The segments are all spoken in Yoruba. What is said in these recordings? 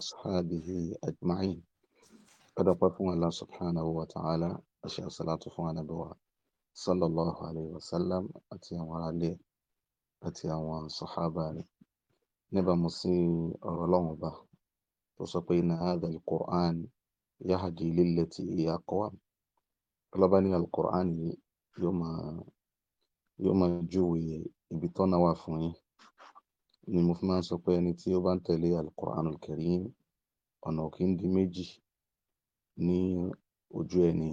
أصحابه أجمعين قد قفوا الله سبحانه وتعالى أشياء صلاة فوانا بوا صلى الله عليه وسلم أتي وعلي أتي وصحابه نبا مسي أرلون به وسقينا هذا القرآن يهدي للتي هي أقوى طلبني القرآن يوم يوم جوي ibi tọ́nà ni mo fi máa ń sọ pé ẹni tí ó bá ń tẹ̀lé Al-Qur'anul Karim ọ̀nà kì í di méjì ní ojú ẹni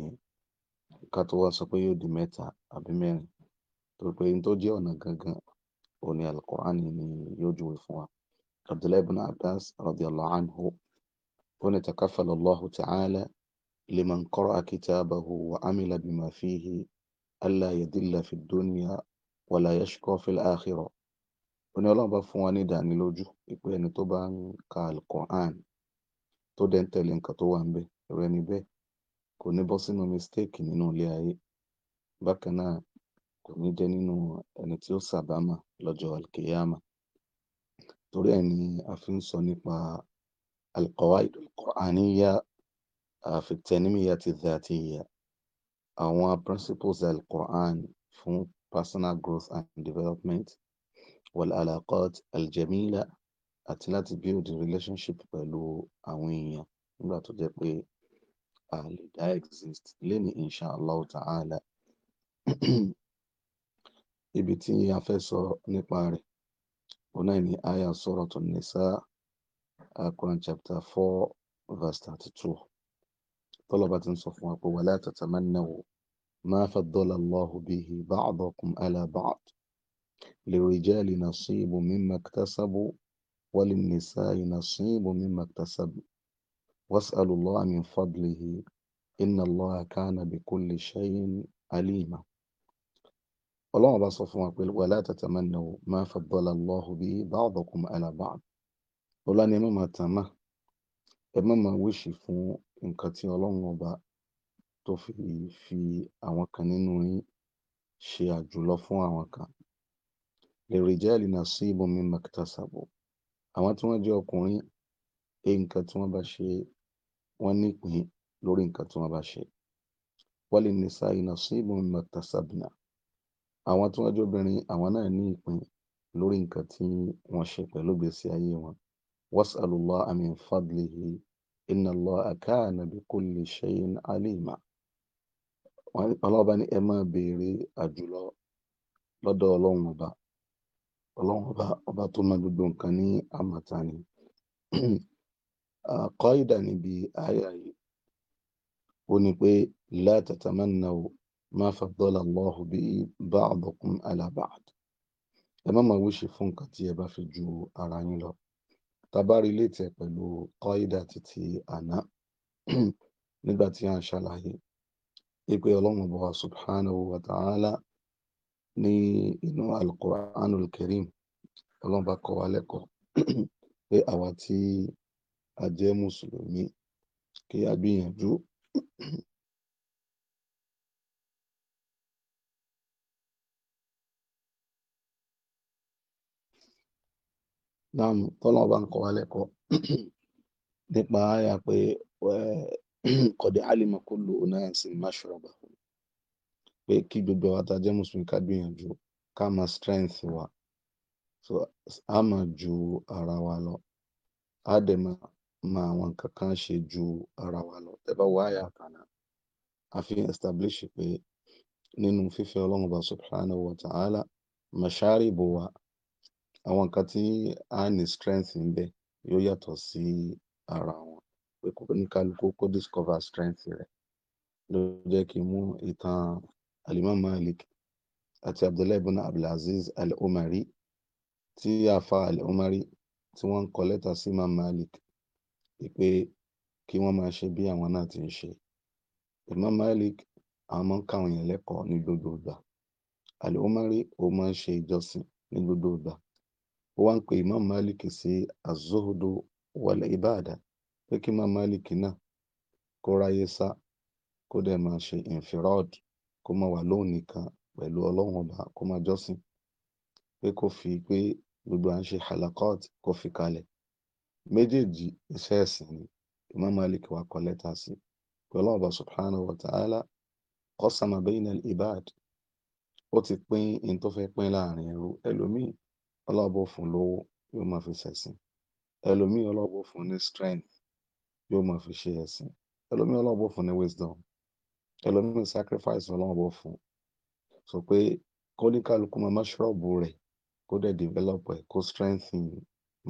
ká tó wá sọ pé yóò di mẹ́ta àbí mẹ́rin torí pé ní tó jẹ́ ọ̀nà gangan òun ni al ni yóò júwe fún wa Abdullahi ibn Abbas radiyallahu anhu ó ní takafala Allahu ta'ala liman qara'a kitabahu wa amila bima fihi alla yadilla fi dunya wala yashqa fil akhirah ó ní ọlọ́run bá fún wa ní ìdánilójú pé ẹni tó bá ń ka alukoran tó dẹ̀ tẹ̀lé nǹkan tó wà ń bẹ̀ ẹ̀rọ ẹni bẹ́ẹ̀ kò ní bọ́ sínú mistake nínú ilé ayé bákan náà kò ní jẹ́ nínú ẹni tí ó sàbámà lọ́jọ́ alkiyama torí ẹ̀ ni a fi ń sọ nípa alqawaid alqur'aniya fi tanmiyati dhatiya àwọn principles alqur'an fún personal growth and development والعلاقات الجميلة àti láti build relationship pẹ̀lú àwọn èèyàn nígbà tó jẹ́ pé a lè dá exist lénìí inshallah ta'ala ibi tí a fẹ́ sọ nípa rẹ̀ òun náà ni aya Suratun Nisa Quran chapter four verse thirty two tọ́lọ́ba ti ń sọ fún wa pé wala tatamannaw ma faddala Allahu bihi ba'dakum ala ba'd. للرجال نصيب مما اكتسبوا وللنساء نصيب مما اكتسبوا واسألوا الله من فضله إن الله كان بكل شيء عليما ọlọ́run bá sọ fún wa pé wàlá tàtàmánà o máa fàbọ́lá lọ́hùn bí báwọ̀dọ̀kùn alábàá ọlá ni ẹ má máa tàn má ẹ má máa wíṣì fún nǹkan tí ọlọ́run ọba tó fi fi àwọn kan nínú yín ṣe àjùlọ fún àwọn kan lirijali nasibu mimma iktasabu àwọn tí wọ́n jẹ́ ọkùnrin e nǹkan tí wọ́n bá ṣe wọ́n nípìn lórí nǹkan tí wọ́n bá ṣe wali nisa'i nasibu mimma iktasabna àwọn tí wọ́n jẹ́ obìnrin àwọn náà ní ìpín lórí nǹkan tí wọ́n ṣe pẹ̀lú gbèsè ayé wọn wasalullaha fadlihi alima ọlọ́ọ̀bá ní ẹ máa béèrè àjùlọ lọ́dọ̀ ọlọ́run ọlọ́run ọba ọba tó máa gbogbo nǹkan ní àmàta ni ah, kọ́ ìdá níbi àyà yìí ó ní pé la tatamannaw ma faddala Allahu bí ba'dakum ala ba'd ẹ má máa wíṣe fún nǹkan tí ẹ bá fi ju ara yín lọ tabari lè tẹ pẹ̀lú kọ́ ìdá títí àná nígbà tí a ń ṣàlàyé pé ọlọ́run ọba subhanahu wa ta'ala ní inú alukur'anul karim ọlọ́run bá kọ́ wa lẹ́kọ̀ọ́ pé àwa tí a jẹ́ mùsùlùmí kí a gbìyànjú náà tọ́lọ́run bá ń kọ́ wa lẹ́kọ̀ọ́ nípa àyà pé kọ̀dẹ̀ alimakulu onáyàsí máṣọ́rọ̀bà pé kí gbogbo àwọn àtàjẹ́ mùsùlùmí ká gbìyànjú ká mọ strength wa so a máa ju ara wa lọ a dẹ̀ máa ma àwọn nǹkan kan ṣe ju ara wa lọ ẹ bá wọ àyà a fi establish pé nínú fífẹ́ ọlọ́run bá subhanahu wa ta'ala masharibu wa àwọn nǹkan tí a ní strength ń bẹ yóò yàtọ̀ sí ara wọn pé kò discover strength ló jẹ́ kí n mú alimam malik àti abdullahi ibn abdulaziz al-umari tí àfa al-umari tí wọ́n ń kọ lẹ́tà sí imam malik pé kí wọ́n máa ṣe bí àwọn náà ti ń ṣe imam malik àwọn máa ń káwọn èèyàn lẹ́kọ̀ọ́ ní gbogbo ìgbà al-umari ó máa ń ṣe ìjọsìn ní gbogbo ìgbà ó wá ibada pé kí imam malik náà kó ráyé sá kó kó má wà lóhùn nìkan pẹ̀lú ọlọ́run ọba kó má jọ́sìn pé kó fi pé gbogbo à ń ṣe halakot kó fi kalẹ̀ méjèèjì iṣẹ́ ẹ̀sìn ni Imam Malik wa kọ lẹ́tà sí pé ọlọ́run ọba subhanahu wa ta'ala qasama bayna al-ibad ó ti pín in tó fẹ́ pín láàrin ẹrú ẹlòmíì ọlọ́run bó fún lówó yóò máa fi ṣẹ̀sìn ẹlòmíì ọlọ́run bó fún ní strength yóò máa fi ṣe ẹ̀sìn ẹlòmíì ọlọ́run bó fún ní wisdom ẹlòmíì sacrifice ọlọ́run bọ̀ fún sọ pé kóníkàlùkù máa máṣọ́ọ̀bù rẹ̀ kó dẹ̀ develop ẹ̀ kó strengthen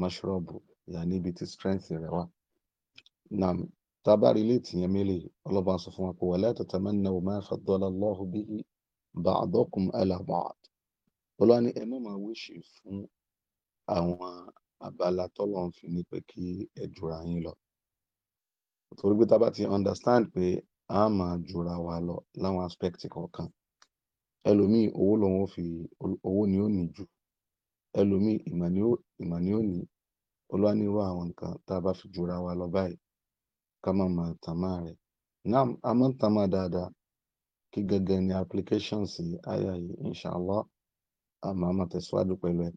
máṣọ́ọ̀bù ìyá níbi tí strength rẹ̀ wà. na tábàrí ilé ìtìyẹn mélòó ọlọ́ba sọ fún wa pé wala tatamannaw ma faddala Allahu bihi ba'dakum ala ba'd. olúwa ni ẹ má máa wíṣì fún àwọn abala tọ́lọ̀ fi ní pé kí ẹ jura yín lọ. torí pé tábà ti understand pé a máa jura wa lọ láwọn aspect kọ̀ọ̀kan ẹlòmíì owó lòun fi owó ni ó ní jù ẹlòmíì ìmọ̀ ni ó ní olúwanírú àwọn nǹkan tá a bá fi jura wa lọ báyìí ká má máa tàn náà a máa ń tàn máa dáadáa kí ni applications àyà yìí inshallah a máa máa tẹ̀síwájú pẹ̀lú ẹ̀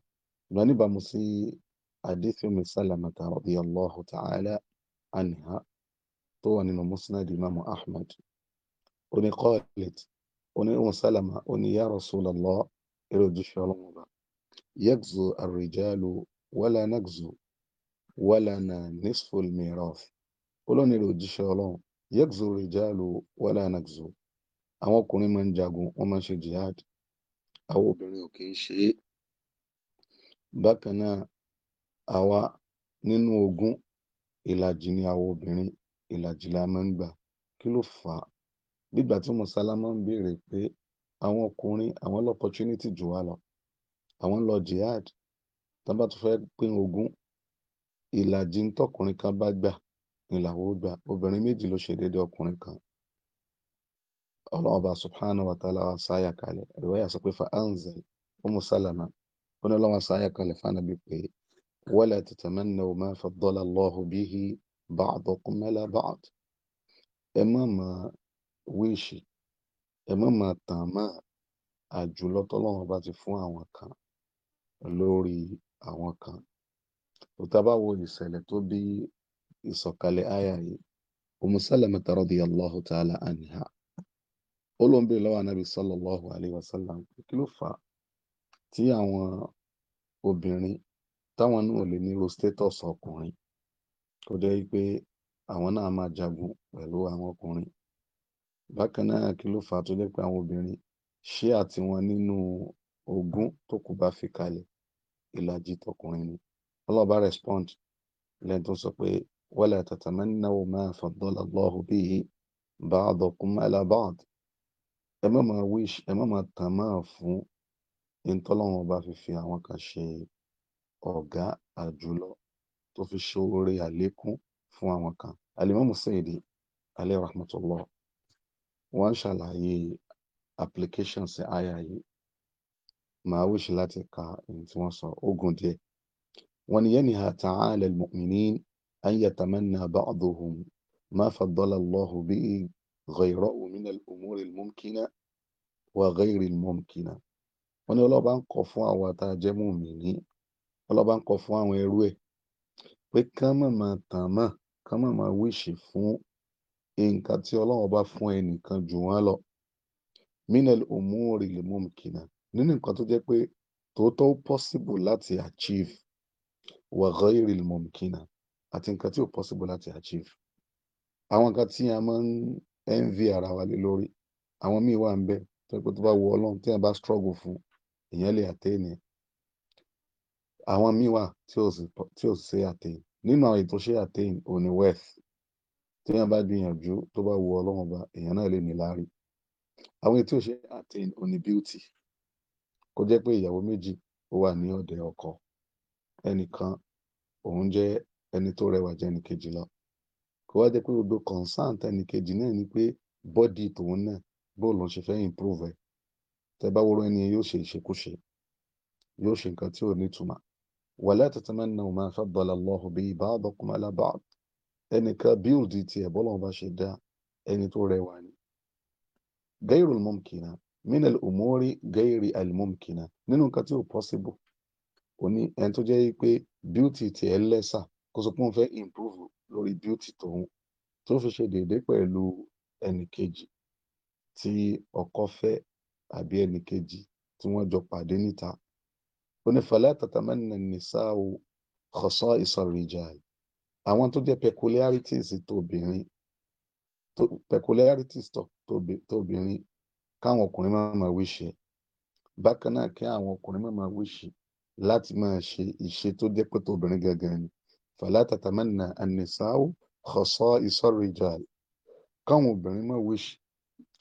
lọ níbàámu sí tó wà nínú musnad imamu ahmad oní qalat oní umu salama oní ya rasulallah eré ojúṣe ọlọ́run bá yagzu arrijalu wala nagzu wala na nisful mirath olóòní eré ojúṣe ọlọ́run yagzu arrijalu wala nagzu àwọn ọkùnrin máa ń jagun wọ́n máa ń ṣe jihad àwọn obìnrin ò kì í ṣe é bákan náà àwa nínú ogún ìlàjì ni àwọn obìnrin ìlàjì la máa ń gbà kí ló fà á gbígbà tí mo sálámà ń béèrè pé àwọn ọkùnrin àwọn lọ́pọ̀tunítì jù wá lọ àwọn lọ jihad tá bá tún fẹ́ pín ogún ìlàjì tọkùnrin kan bá gbà ìlàwó gbà obìnrin méjì ló ṣe déédéé ọkùnrin kan ọlọ́ọ̀bà subhanahu wa ta'ala wa sáyà kalẹ̀ ìwáyà sọ pé fa anzal umu salama ó ní ọlọ́wọ́ sáyà kalẹ̀ fánàbí pé wala tatamannaw ma faddala Allahu bihi ba'dukum ala ba'd ẹ má máa wíṣì ẹ má máa tàn máa لوري tọ́lọ́run bá ti fún àwọn kan lórí àwọn kan òtá bá wo ìṣẹ̀lẹ̀ tó bí ìsọ̀kalẹ̀ àyà yìí Umm Salamah radiyallahu ta'ala anha ó ló ń bèèrè lọ́wọ́ anábì sallallahu alayhi wa sallam kí ló fà á tí àwọn obìnrin táwọn náà ro status ọkùnrin kó jẹ́ pé àwọn náà máa jagun pẹ̀lú àwọn ọkùnrin bákan náà kí ló fà á tó jẹ́ pé àwọn obìnrin ṣé àti wọn nínú ogún tó kù bá fi kalẹ̀ ìlàjì tọkùnrin ni ọlọ́ọ̀bá respond lẹ́yìn tó sọ pé wala tatamannaw ma faddala Allahu bihi ba'dakum ala ba'd ẹ má máa wish ẹ má máa tàn máa fún ní tọ́lọ́wọ́n bá fi fi àwọn kan ṣe ọ̀gá àjùlọ tó fi ṣoore àlékún fún àwọn kan alimami Saidi alayhi rahmatullah wọ́n ṣàlàyé applications àyà yìí màá wíṣì láti ka ẹni tí wọ́n sọ ogun díẹ̀ wọ́n ní yanha ta'ala al-mu'minin an yatamanna ba'duhum ma faddala Allahu bihi ghayrahu min al-umur al-mumkina wa wọ́n ní ọlọ́ba ń kọ̀ fún àwọn àtàjẹ́mú ọlọ́ba ń kọ̀ fún àwọn ẹrú ẹ̀ pé kán mọ̀ máa tàn mọ̀ kán mọ̀ máa wíṣì fún nǹkan tí ọlọ́run bá fún ẹnìkan jù wọ́n lọ minel omori lè mú mi kìnnà nínú nǹkan tó jẹ́ pé tòótọ́ ó possible láti achieve wà ghayri lè mú mi kìnnà àti nǹkan tí ó possible láti achieve àwọn nǹkan tí a máa ń envy ara wa lé lórí àwọn míì wà ń bẹ tó yẹ pé tó bá wọ ọlọ́run tí a bá struggle fún èèyàn lè attain àwọn míì wà tí ò sì tí ò ṣe attain nínú àwọn ètò ṣe attain ò ní wealth tí èèyàn bá gbìyànjú tó bá wu ọlọ́run ọba èèyàn náà lè ní láárí àwọn ètò ṣe attain ò ní beauty kó jẹ́ pé ìyàwó méjì ó wà ní ọ̀dẹ ọkọ ẹnìkan òun jẹ́ ẹni tó rẹwà jẹ́ ẹnì kejì lọ kó wá jẹ́ pé odò concern ẹnì kejì náà ni pé bọ́dì tòun náà bóòlù ṣe fẹ́ improve ẹ̀ tẹ́ bá wọ́rọ́ ẹni yóò ṣe ìṣekúṣe yóò ṣe nǹkan tí ò ní ìtumọ̀ ولا تتمنوا ما فضل الله به بعضكم على بعض ẹnìkan bíòdì tiẹ̀ bọ́lọ́run bá ṣe dá ẹni tó rẹwà ni gairu mumkina min al-umuri gairi al-mumkina nínú nǹkan tí ò possible kò ní ẹni tó jẹ́ pé bíòdì tiẹ̀ lẹ́sà kó sọ pé òun fẹ́ improve lórí bíòdì tòun tó fi ṣe déédé pẹ̀lú ẹnì kejì tí ọkọ fẹ́ àbí ẹnì kejì tí wọ́n jọ pàdé níta onífàlẹ́ tàtàmẹ́nà nìsá o kọ̀sọ́ ìsọ̀rìjà àwọn tó jẹ́ peculiarities tóbìnrin peculiarities tóbìnrin káwọn ọkùnrin máa máa wíṣe bákan náà kí àwọn ọkùnrin máa máa wíṣe láti máa ṣe ìṣe tó jẹ́ pé tóbìnrin gangan ni fàlẹ́ tàtàmẹ́nà nìsá o kọ̀sọ́ ìsọ̀rìjà káwọn obìnrin máa wíṣe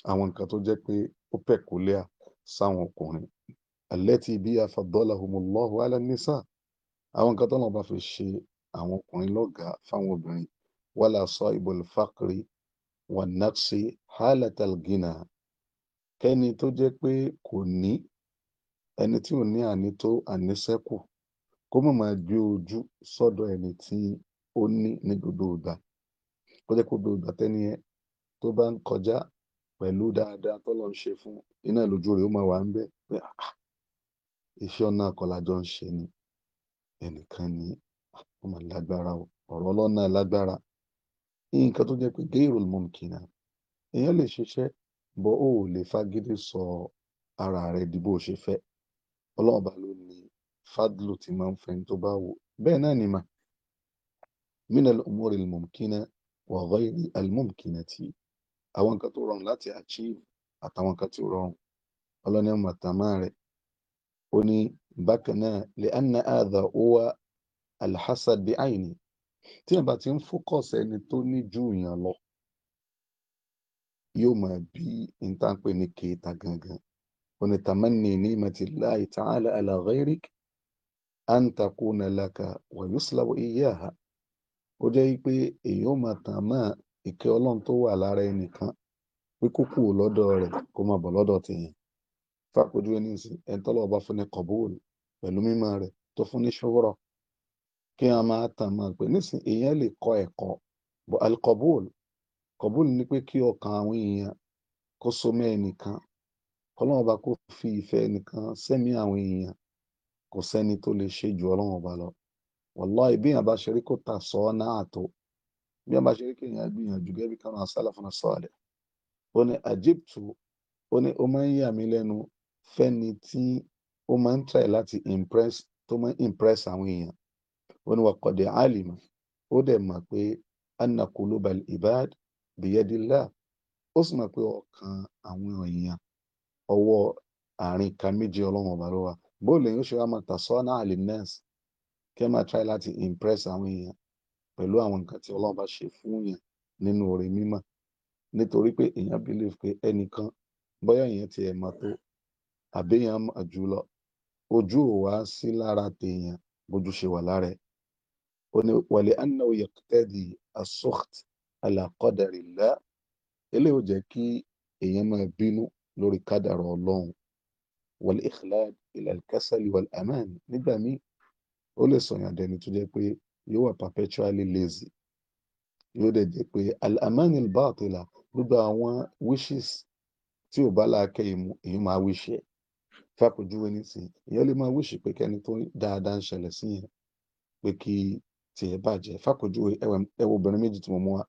àwọn nǹkan tó jẹ́ pé ó peculiar sáwọn ọkùnrin alẹ́tì bí afadọ́làhùmùlọ́hù alánisa àwọn nǹkan tọ́lọ́ bá fi ṣe àwọn ọkùnrin lọ́gàá fáwọn obìnrin wàlà sọ ibùl fàkìrì wà nàkṣe hálàtàlgínà kẹ́ni tó jẹ́ pé kò ní ẹni tí ò ní àní tó àníṣẹ́kù kó mọ̀ máa gbé ojú sọ́dọ̀ ẹni tí ó ní ní gbogbo ìgbà kó jẹ́ kó gbogbo ìgbà tẹ́ni yẹn tó bá ń kọjá pẹ̀lú dáadáa tọ́lọ́ ń ṣe fún iná lójú rẹ̀ ó máa wà ń bẹ́ẹ̀ pé ah iṣẹ́ ọ̀nà àkọlájọ ń ṣe ni ẹnìkan ni ah, ó máa lágbára ọ̀rọ̀ ọlọ́nà lágbára nǹkan tó jẹ́ pé géèrò mọ̀ kìnnà èèyàn lè ṣiṣẹ́ bọ́ ó lè fagídí sọ ara rẹ̀ di bó ṣe fẹ́ ọlọ́run bá ló ní fadlu ti máa ń fẹ́ tó bá wò bẹ́ẹ̀ náà ni mà mina al-umuri al-mumkina wa ghayri al-mumkinati àwọn nǹkan tó rọrùn láti achieve àtàwọn nǹkan tí ó rọrùn ọlọ́ni ọmọ àtàmá rẹ̀ ó ní bákan náà lè anna àdà owó alhassad bí àìní tí yàn bá ti ń fókọ̀sì ẹni tó ní ju yàn lọ yóò máa bí ìtànpé ní kéta gangan ó ní tamanni ní matillahi ta'ala ala ghairik an takuna laka wa yuslabu iyaha ó jẹ́ pé èyí ó máa tàn máa ìkẹ́ ọlọ́run tó wà lára ẹnìkan pé kókù lọ́dọ̀ rẹ̀ kó máa bọ̀ lọ́dọ̀ tìyàn fàpèjúwe ní ìsìn ẹni tọ́lọ́ ọba fún ní kọ̀bùwòlù pẹ̀lú mímọ́ rẹ̀ tó fún ní ṣòwúrọ̀ kí wọ́n máa tàn máa pè èèyàn lè kọ ẹ̀kọ́ bọ́ alikọ̀bùwòlù ni pé kí ọkàn àwọn èèyàn kó so mẹ́ ẹnìkan ọlọ́run ọba fi ìfẹ́ ẹnìkan sẹ́mi àwọn èèyàn kò sẹ́ni tó lè ṣe ju ọlọ́run lọ tà sọ ọ́ náà tó bí bá ṣe rí gbìyànjú gẹ́gẹ́ bí káwọn asálàfọ́nà sọ̀rọ̀ ó ní ó ní fẹ́ni tí ó máa ń try láti impress tó máa ń impress àwọn èèyàn ó ní wakọ̀dẹ̀ alima ó dẹ̀ mọ̀ pé anna kulubal ibad biyadillah ó sì mọ̀ pé ọkàn àwọn èèyàn ọwọ́ àárín ka méjì ọlọ́run ọba ló wà bóòlù yóò ṣe wá máa tàṣọ́nà alinas kí ẹ máa try láti impress àwọn èèyàn pẹ̀lú àwọn nǹkan tí ọlọ́run bá ṣe fún yẹn nínú mímọ́ nítorí pé èèyàn ti ẹ̀ àbéèyàn mọ̀ jù lọ ojú ò wá sí lára tèèyàn bójú ṣe wà lára ẹ̀ ó ní wàlẹ̀ anáwó yaqtadi as-sukht ala qadarillah eléyìí ò jẹ́ kí èèyàn máa bínú lórí kádàrá ọlọ́run wàlẹ̀ ikhlad ila al-kasali wal-aman nígbà míì ó lè sọ̀yàn dẹni tó jẹ́ pé yóò wà perpetually lazy yóò dẹ̀ jẹ́ pé al-aman al gbogbo àwọn wishes tí ò bá láàkẹ́ ìmú èyí máa wíṣẹ́ fàpèjúwe nísìn èèyàn lè máa wíṣì pé kẹ́ni tó dáadáa ń ṣẹlẹ̀ sí yẹn pé kí tiẹ̀ bàjẹ́ fàpèjúwe ẹ wo obìnrin méjì tí mo mú wa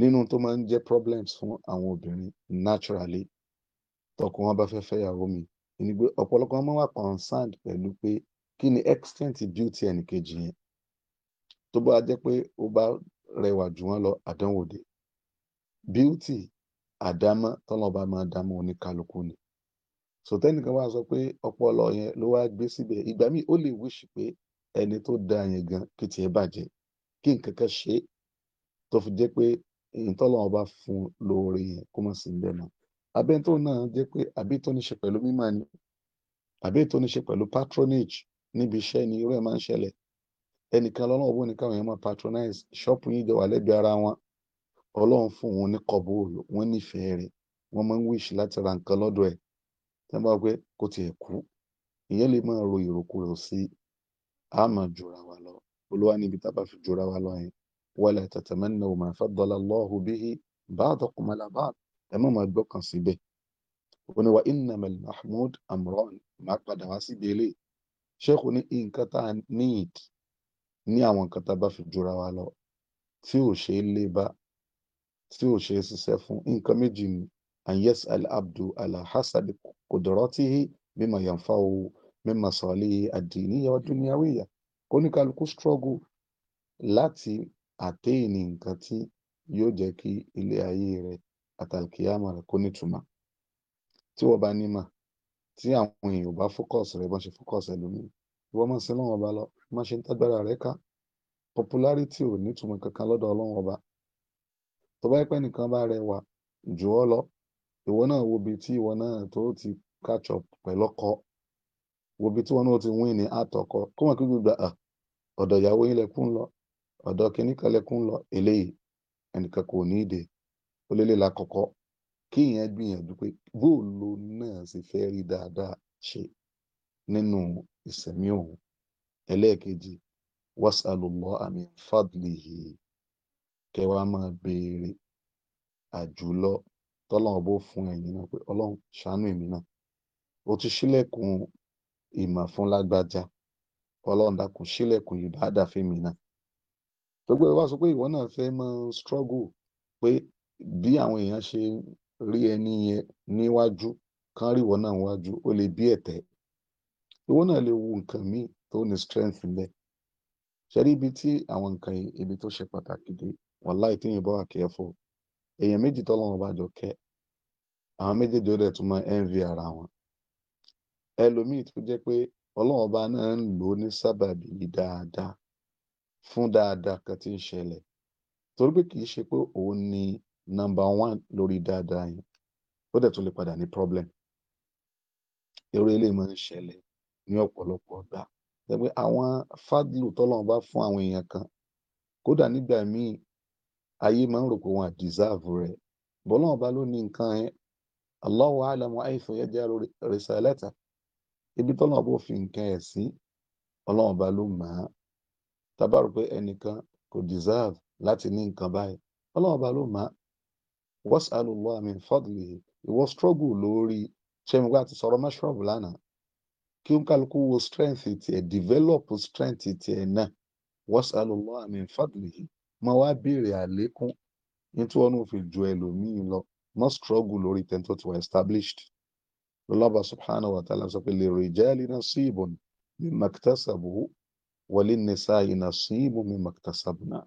nínú tó máa ń jẹ́ problems fún àwọn obìnrin naturally tọkọ wọn bá fẹ́ fẹ́yàwó mi ni pé ọ̀pọ̀lọpọ̀ wọn máa wà concerned pẹ̀lú pé kí ni extent beauty ẹnìkejì yẹn tó bá jẹ́ pé ó bá rẹwà jù wọ́n lọ àdánwò dé beauty àdámọ́ tọ́lọ́ba máa dámọ́ oníkálukú ni so kan wá sọ pé ọpọlọ yẹn ló wá gbé síbẹ̀ ìgbà míì ó lè wíṣì pé ẹni tó da yẹn gan kí tiẹ̀ bàjẹ́ kí nǹkan kan ṣe fi jẹ́ pé ìtọ́lọ́wọ́n bá fún lóore yẹn kó má sí bẹ́ẹ̀ náà abẹ́ tó náà jẹ́ pé àbí tó ní ṣe pẹ̀lú mímọ́ ni patronage níbi iṣẹ́ ni irú ẹ̀ máa ń ṣẹlẹ̀ ẹnìkan lọ́nà òbó nìkan patronize ṣọ́ọ̀pù yìí wà ara wọn ọlọ́run fún òun ní kọ̀bóòlù wọ́n nífẹ̀ẹ́ rẹ̀ wọ́n ra nǹkan lọ́dọ̀ ẹ̀ tí wọ́n bá wọ pé kó tiẹ̀ kú ìyẹn lè máa ro ìròkúrò sí a máa jura wa lọ olúwa níbi tá a bá fi jura wa lọ yẹn wala tatamannaw ma faddala Allahu bihi ba'dakum ala ba'd ẹ má máa gbọ́kàn síbẹ̀ ó ní wa innamal mahmud amran máa padà wá síbi eléyìí ṣéèkù ní nǹkan tá ní àwọn nǹkan tá a bá fi jura wa lọ tí ò ṣe é lé bá tí ò ṣe é ṣiṣẹ́ fún nǹkan méjì ni an yas'al abdu ala hasabi qudratihi bima yanfa'u min masalihi ad-diniyya wa dunyawiyya kóníkàlùkù struggle láti àtẹ́yìnì nǹkan tí yóò jẹ́ kí ilé ayé rẹ̀ àtàlùkìyàmọ̀ rẹ̀ kó nítumọ̀ tí wọ́n bá nímọ̀ tí àwọn èèyàn bá fókọ̀sì rẹ̀ bọ́n ṣe fókọ̀sì ẹlòmíì ìwọ́n máa ń lọ́wọ́ ọba lọ máa ṣe ń tágbára rẹ̀ ká popularity ò nítumọ̀ kankan lọ́dọ̀ ọlọ́wọ́ ọba tó bá pẹ́ nìkan bá rẹwà jù ọ́ lọ ìwọ náà wo ibi tí ìwọ náà tó ti catch up pẹ̀lọ́kọ wo ibi tí wọn náà ti win ní àtọkọ kó wọn kí gbogbo à ah, ọ̀dọ̀ ìyàwó yín lẹkùn lọ ọ̀dọ̀ kìíní kan lẹkùn lọ eléyìí ẹnìkan kò ní ìdè ó lélẹ la kọ́kọ́ kí ìyẹn gbìyànjú pé bóòlù náà sì fẹ́ rí dáadáa ṣe nínú ìsẹ̀mí òun ẹlẹ́ẹ̀kejì amin kẹwàá máa béèrè tọ́lọ́run bó fún ẹ̀yin náà pé ọlọ́run ṣàánú o náà ti ṣílẹ̀kùn ìmọ̀ fún lágbájá ọlọ́run dákun ṣílẹ̀kùn ìbáàdà fẹ́mi náà sọ pé ìwọ náà fẹ́ máa struggle pé bí àwọn èèyàn ṣe rí ẹni yẹn níwájú kán rí ìwọ náà níwájú ó lè bí ìwọ náà lè wo nǹkan míì tó ní strength ibi tí àwọn nǹkan ibi tó ṣe pàtàkì èèyàn méjì tọ́lọ́run bá jọ kẹ́ àwọn méjèèjì ó dẹ̀ tún máa ara wọn ẹlòmíì tó jẹ́ pé ọlọ́run bá náà ń lò ó ní sábàbí dáadáa fún dáadáa kan tí ń ṣẹlẹ̀ torí pé kì í ni nọ́mbà one lórí dáadáa yẹn ó dẹ̀ tún lè padà ní problem eré ilé máa ń ṣẹlẹ̀ ní ọ̀pọ̀lọpọ̀ ọgbà àwọn fadlu tọ́lọ́run bá fún àwọn èèyàn kan kódà nígbà míì ayi máa ń rò pé wọn a rẹ bọ́lá ọba ló ní nǹkan yẹn Allahu a'lamu haythu ibi tọ́lọ́ bó fi nǹkan ẹ̀ sí ọlọ́run ọba ló mọ̀ á pé deserve láti ní nǹkan báyìí ọlọ́run ọba ló mọ̀ á was'alu Allaha min fadlihi ìwọ struggle lórí ṣẹ́mugá àti sọ̀rọ̀ mashrub lánàá kí ó kálukú wo strength tiẹ̀ develop strength tiẹ̀ náà má wá béèrè àlékún nítorí wọn náà fi ju ẹlòmíín lọ má struggle lórí tẹni tó ti wà established lọlọba subhanahu wa ta'ala sọ pé li rijali nasibun mimma iktasabu wa linnisa'i nasibun mimma iktasabna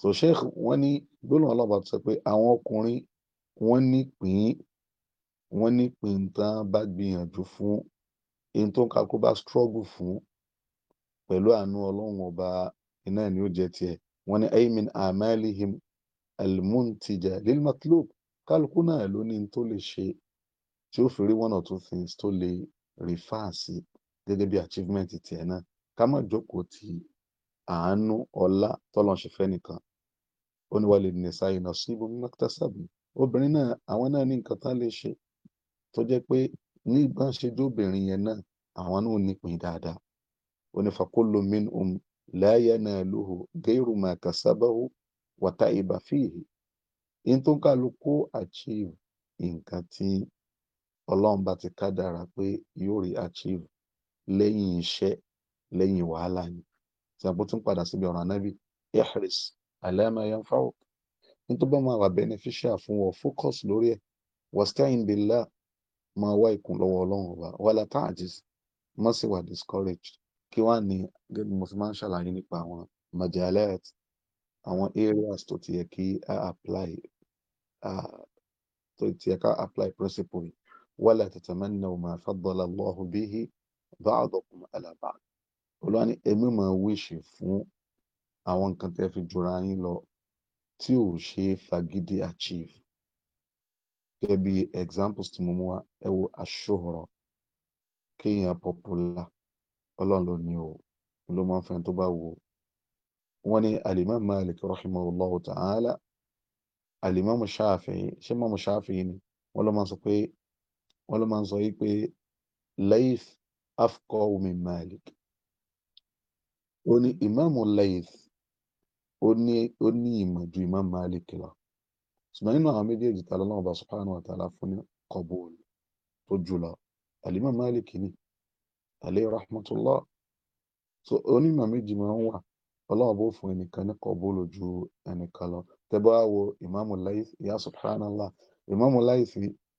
so sheikh wọn ní gbólóhùn ọlọba sọ pé àwọn ọkùnrin wọn ní pín wọn ní pín tán bá gbìyànjú fún èyí tó ń kakó bá struggle fún pẹ̀lú àánú Ọlọ́run ọba iná ni ó jẹ tiẹ̀ wọ́n ní ay min amalihim almuntija lilmatlub kálukú náà ló ní tó lè ṣe tí ó fi rí one or two things tó lè refer sí gẹ́gẹ́ bí achievement tiẹ̀ náà ká má jókòó ti àánú ọlá tọ́lọ́n ṣe fẹ́ nìkan ó ní wà lè ní sáyé náà sí ibùdó mọ́tàsábì obìnrin náà àwọn náà ní nǹkan tá lè ṣe tó jẹ́ pé nígbà ṣe jóbìnrin yẹn náà àwọn náà ò nípìn dáadáa ó ní fakolo min um لا يناله غير ما كسبه وتعب فيه in tó ń kálukú achieve nǹkan bá ti kádàrá pé yóò rí achieve lẹ́yìn iṣẹ́ lẹ́yìn wàhálà ni tí a bó tún padà síbi anábì alama yanfa'u nítorí bá máa wà beneficial fún wọn focus lórí ẹ̀ wasta'in billah máa wá ìkùn lọ́wọ́ ọlọ́run ọba wala ta'jiz má sì wà discouraged kí wá ní gẹ́gẹ́ bí mo fi máa ń ṣàlàyé nípa àwọn majalet àwọn areas tó ti yẹ kí a apply tó ti yẹ ká apply principle yìí wala tatamannaw ma faddala Allahu bihi ba'dakum ala ba'd olúwa ní èmi máa wíṣì fún àwọn nǹkan tẹ́ fi jura yín lọ tí ò ṣe é achieve gẹ́gẹ́ bí examples tí mo mú wa ẹ wo aṣọ́rọ̀ kéèyàn popular ọlọ́run ló ní o ló máa ń fẹ́ tó bá wo wọ́n ní alimam malik rahimahullahu ta'ala alimam shafi'i ṣé imam shafi'i ni wọ́n ló máa ń sọ pé wọ́n ló máa ń sọ yìí pé layth afqahu min malik ó ní imam layth ó ní ó ìmọ̀ ju imam malik lọ ṣùgbọ́n nínú àwọn méjèèjì tààlà náà ọba subhanahu fún ní kọbúl tó jùlọ alimam malik ni alayhi rahmatullah so onímọ̀ méjì máa ń wà ọlọ́run bó fún ẹnìkan ní kọ̀bólò ju ẹnìkan lọ tẹ́bá wo ìmáàmù Layth ya subhanallah ìmáàmù Layth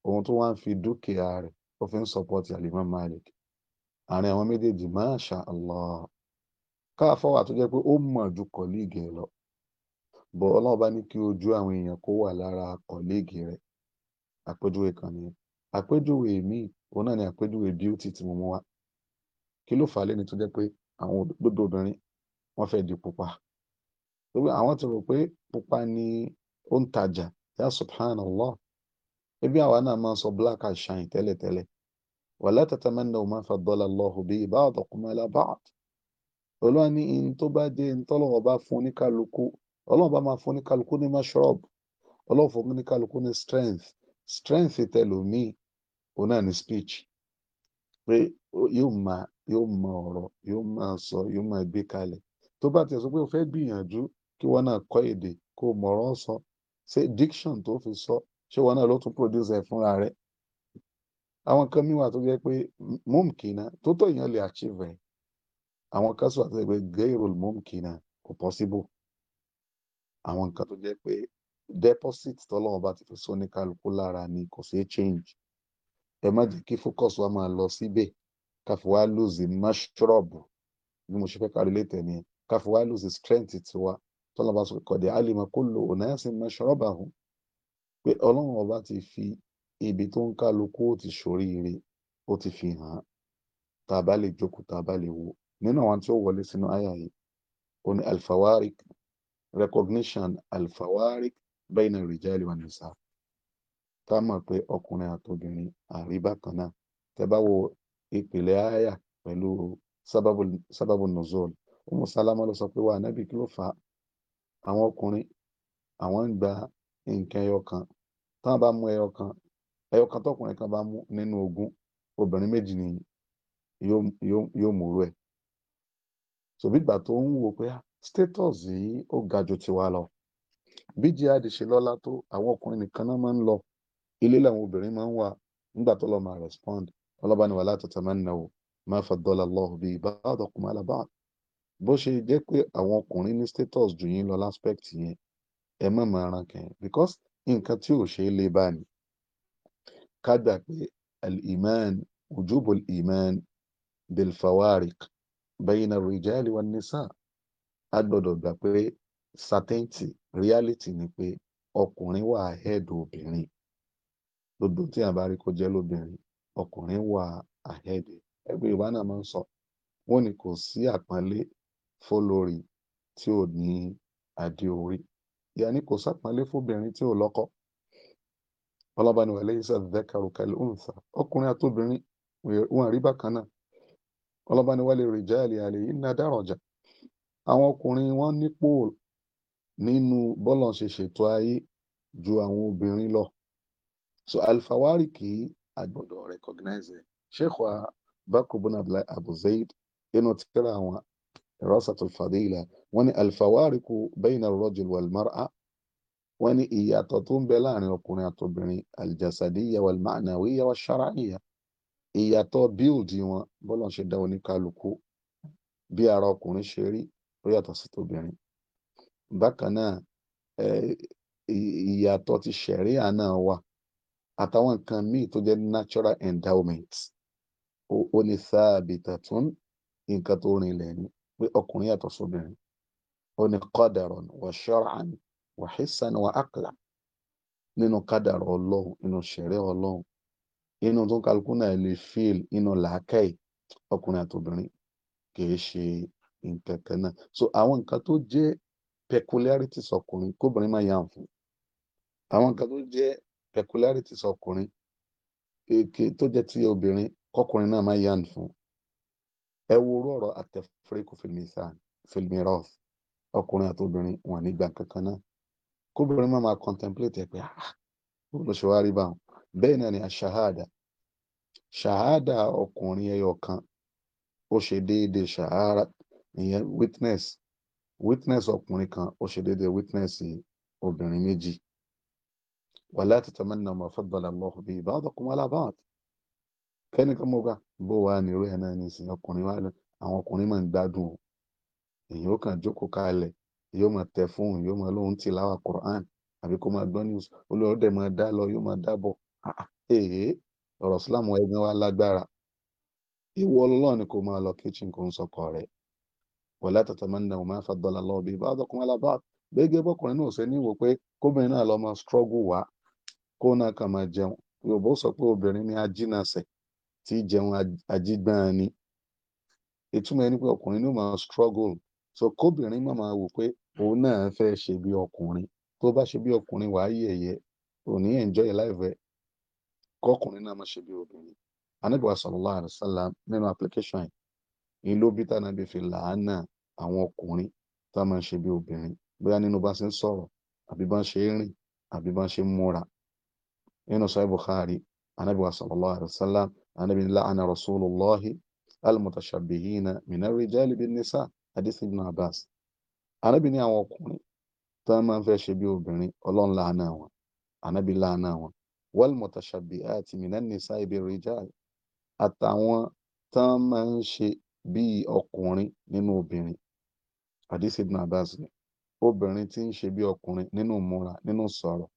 ohun tó wá ń fi dúkìá rẹ̀ ó fi ń sọpọ́tì alimam Malik àárín àwọn méjèèjì masha allah káàfọ́wà tó jẹ́ pé ó mọ̀ ju kọ̀líìgì rẹ̀ lọ bọ̀ ọlọ́run bá ní kí ojú àwọn èèyàn kó wà lára kọ̀líìgì rẹ̀ àpéjúwe kan nìyẹn àpéjúwe míì òun náà ni àpéjúwe bíútì tí mo mú wá kí ló fà á lẹ́ni tó jẹ́ pé àwọn òdòdó obìnrin wọ́n fẹ́ di pupa torí àwọn ti rò pé pupa ni ó ń tajà subhana subhanallah ebi àwa náà máa sọ black eye shine tẹ́lẹ̀tẹ́lẹ̀ wala tatamannaw ma faddala Allahu bihi ba'dakum ala ba'd olúwa ní in tó bá dé in tọ́lọ́wọ́ bá fún ní kálukú ọlọ́wọ́ bá máa fún ní kálukú ní ọlọ́wọ́ fún ní kálukú ní strength strength òun náà speech pé yóò máa yóò mọ ọ̀rọ̀ yóò máa sọ yóò máa gbé kalẹ̀ tó bá tiẹ̀ sọ pé o fẹ́ gbìyànjú kí wọ́n náà kọ́ èdè kó o mọ̀rọ̀ sọ ṣé diction tó fi sọ ṣé wọ́n náà ló tún produce ẹ̀ fúnra rẹ̀ àwọn kan míwà tó jẹ́ pé mumkina tó tọ́ èèyàn lè achieve ẹ̀ àwọn kan sọ àti ẹgbẹ́ gayrol mumkina kò possible àwọn nǹkan tó jẹ́ pé deposit tọ́lọ́wọ́n bá ti fi sóníkálukú lára ni kò sí change ẹ má jẹ́ kí focus wa máa lọ síbẹ̀. Si káfí wá lóòzì mọ́ṣúrọ̀bù bí mo ṣe fẹ́ kárí létẹ̀ ni káfí lóòzì strength tiwa tọ́lá bá sọ kọ̀dẹ̀ alima kullu unasin mashrabahu pé ọlọ́run ọba ti fi ibi tó ń kálukú ó ti ṣoríire ó ti fi hàn tá a bá lè jókòó tá a bá lè wo nínú àwọn tí ó wọlé sínú àyà yìí ó ní alfawarik recognition alfawarik bayna rijali wa nisa tá a mọ̀ pé ọkùnrin àtobìnrin àríbá kan náà tẹ bá wo ìpìlẹ̀ àyà pẹ̀lú sábàbù nùzọ́ọ̀l ọmọ sálámà ló sọ pé wà nábì kí ló fà á àwọn ọkùnrin àwọn ń gba nǹkan ẹyọ kan táwọn bá mú ẹyọ kan ẹyọ tọkùnrin kan bá mú nínú obìnrin ni yóò múrú ẹ sòbí ìgbà tó ń status yìí ó ga ju tiwa lọ bí jihad ṣe lọ́lá tó àwọn ọkùnrin nìkan náà máa ń lọ ilé làwọn obìnrin máa ń wà nígbà tó respond ọlọ́ba ni wala tatamannaw ma faddala Allahu bi على بعض. ba'd bó ṣe jẹ́ pé àwọn ọkùnrin ní status jù yín lọ láspect yẹn ẹ má máa ran kàn because nǹkan tí ò ṣe é lé bá ní ká gbà pé al-iman wujubu al-iman bil-fawariq bayna ar-rijali wan-nisa a gbọ́dọ̀ gbà pé certainty reality ni pé ọkùnrin wà ahead obìnrin gbogbo tí a bá rí kó jẹ́ lóbìnrin ọkùnrin wà ahead ẹgbẹ́ yorùbá náà máa ń sọ wọ́n ní kò sí àpọ́nlé fólórí tí ò ní adé orí ìyá ni kò sápọ́nlé fóbìnrin tí ò lọ́kọ ọlọ́ba ni wàlẹ́ isa dhakaru kal untha ọkùnrin àtòbìnrin wọn àrí bákan náà ọlọ́ba ni wàlẹ́ rijali alayhinna daraja àwọn ọkùnrin wọn nípò nínú bọ́lọ̀ ṣe ṣètò ayé ju àwọn obìnrin lọ so alfawari kìí a gbọ́dọ̀ recognize ẹ̀ sheikh wa bakr bin abdullahi abu zayd inú tírà àwọn rasatul fadila wọ́n ní alfawariku bayna rajul wal mar'a wọ́n ní ìyàtọ̀ tó ń bẹ láàrin ọkùnrin àtobìnrin aljasadiya wal ma'nawiya wa shara'iyya ìyàtọ̀ bíòdì wọn bọ́lá ṣe dá oníkálukú bí ara ọkùnrin ṣe rí ó yàtọ̀ sí tóbìnrin bákan náà ìyàtọ̀ ti ṣẹ̀ríà náà wà àtàwọn nǹkan míì tó jẹ́ natural endowment ó ní sáàbìtà tún nǹkan tó rinlẹ̀ ni pé ọkùnrin yàtọ̀ sóbìnrin ó ní qadaran wa shar'an wa hissan wa aqla nínú kádàrọ̀ ọlọ́run nínú ṣẹ̀rẹ́ ọlọ́run inú tó kálukú náà lè fíìl inú làákàyè ọkùnrin àtòbìnrin kìí ṣe nǹkan kan náà so àwọn nǹkan tó jẹ́ peculiarities ọkùnrin kóbìnrin máa yàn fún àwọn nǹkan tó jẹ́ peculiarities ọkùnrin èké eh, tó jẹ́ ti obìnrin kọkùnrin náà máa yàn fún ẹ wo orú ọ̀rọ̀ àtẹ̀fẹ́ríkù fìlmìíràn ọkùnrin àti obìnrin wọn nígbà kankan náà kóbìnrin máa máa contemplate ẹ pé ah olùṣèwà rí báwọn bẹ́ẹ̀ náà ni àṣàhádà ṣàhádà ọkùnrin ẹyọ kan ó ṣe déédéé ṣàhádà ìyẹn witness witness ọkùnrin kan ó ṣe déédéé witness obìnrin méjì ولا تتمنوا ما فضل الله به بعضكم على بعض kẹ́nìkan mọ̀ gbà bó wà ní orí ẹ̀ náà ní ìsìn ọkùnrin wa àwọn ọkùnrin máa ń gbádùn o èyí ó kàn jókòó kalẹ̀ yóò máa tẹ fóònù yóò máa lóun ti láwà Quran àbí kó máa gbọ́ news olóòrò dẹ̀ máa dá lọ yóò máa dábọ̀ ah, ah, èyí ọ̀rọ̀ sílámù ẹgbẹ́ wa lágbára ìwọ ọlọ́run ni kò máa lọ kitchen kó ń sọkọ rẹ̀ wala tatamannaw ma faddala Allahu bihi ba'dakum ala kó náà kàn máa jẹun yorùbá sọ pé obìnrin ni ajínàṣẹ tí jẹun ajígbọ́n ni ìtumọ̀ ẹni pé ọkùnrin ni máa struggle so kóbìnrin má máa wò pé òun náà fẹ́ ṣe bí ọkùnrin tó bá ṣe bí ọkùnrin wàá yẹ̀yẹ́ òní enjoy life ẹ̀ kọkùnrin náà má ṣe bí obìnrin anábìwá sallallahu alaihi nínú application yìí ìlú bí tá nàbí fi làánà àwọn ọkùnrin tá máa ṣe bí obìnrin bóyá nínú bá ṣe ń sọ̀rọ̀ àbí bá ṣe ń rìn àbí bá ṣe ń múra nínú sọ Bukhari anabi wa sallallahu alaihi wa sallam anabi la'ana rasulullahi almutashabihina minar rijali bin nisa hadith ibn abbas anabi ní àwọn ọkùnrin tí wọn máa ń fẹ́ ṣe bí obìnrin Ọlọ́run láàánà wọn anabi láàánà wọn wal mutashabihati minan nisa ibi rijali àtàwọn tí wọn máa ń ṣe bí ọkùnrin nínú obìnrin hadith ibn abbas ni obìnrin tí ń ṣe bí ọkùnrin nínú múra nínú sọ̀rọ̀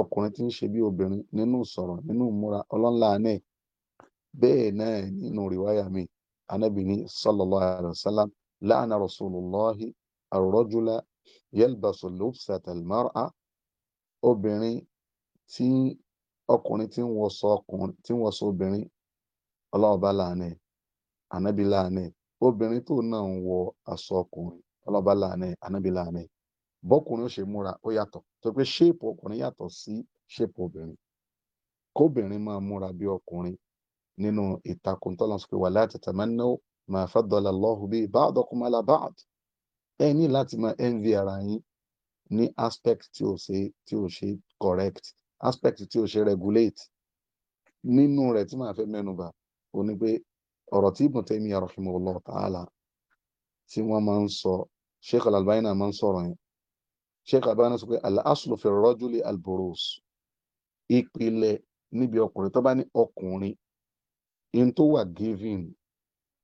ọkùnrin tí ń ṣe bí obìnrin nínú sọ̀rọ̀ nínú ìmúra ọlọ́nla náà bẹ́ẹ̀ náà nínú rìwáyà mi anábì ní sallallahu alaihi wasallam láàánà rasulullahi ar-rajula yalbasu lubsata al-mar'a obìnrin tí ọkùnrin tí ń wọṣọ ọkùnrin tí ń wọṣọ obìnrin ọlọ́ọ̀bá láàánà anábì láàánà obìnrin tó náà ń wọ aṣọ ọkùnrin ọlọ́ọ̀bá láàánà anábì láàánà bọ́kùnrin ó ṣe múra ó yàtọ̀ tó pé ṣéèpù ọkùnrin yàtọ̀ sí ṣéèpù obìnrin kóbìnrin máa múra bí ọkùnrin nínú ìtakùn tọ́lọ́ sọ pé wala tatamannaw ma faddala Allahu bi ba'dakum ala ba'd ẹ ní láti máa envy ara yín ní aspect tí ò ṣe tí ò ṣe correct aspect tí ò ṣe regulate nínú rẹ̀ tí màá fẹ́ mẹ́nuba ó ní pé ọ̀rọ̀ tí Ibn Taymiyyah rahimahullah ta'ala tí wọ́n máa ń sọ Sheikh Al-Albani máa ń sọ̀rọ̀ yẹn sheikh abana sọ pé al-aslu fi rajuli al-burus ìpìlẹ̀ níbi ọkùnrin tó bá ní ọkùnrin in tó wà giving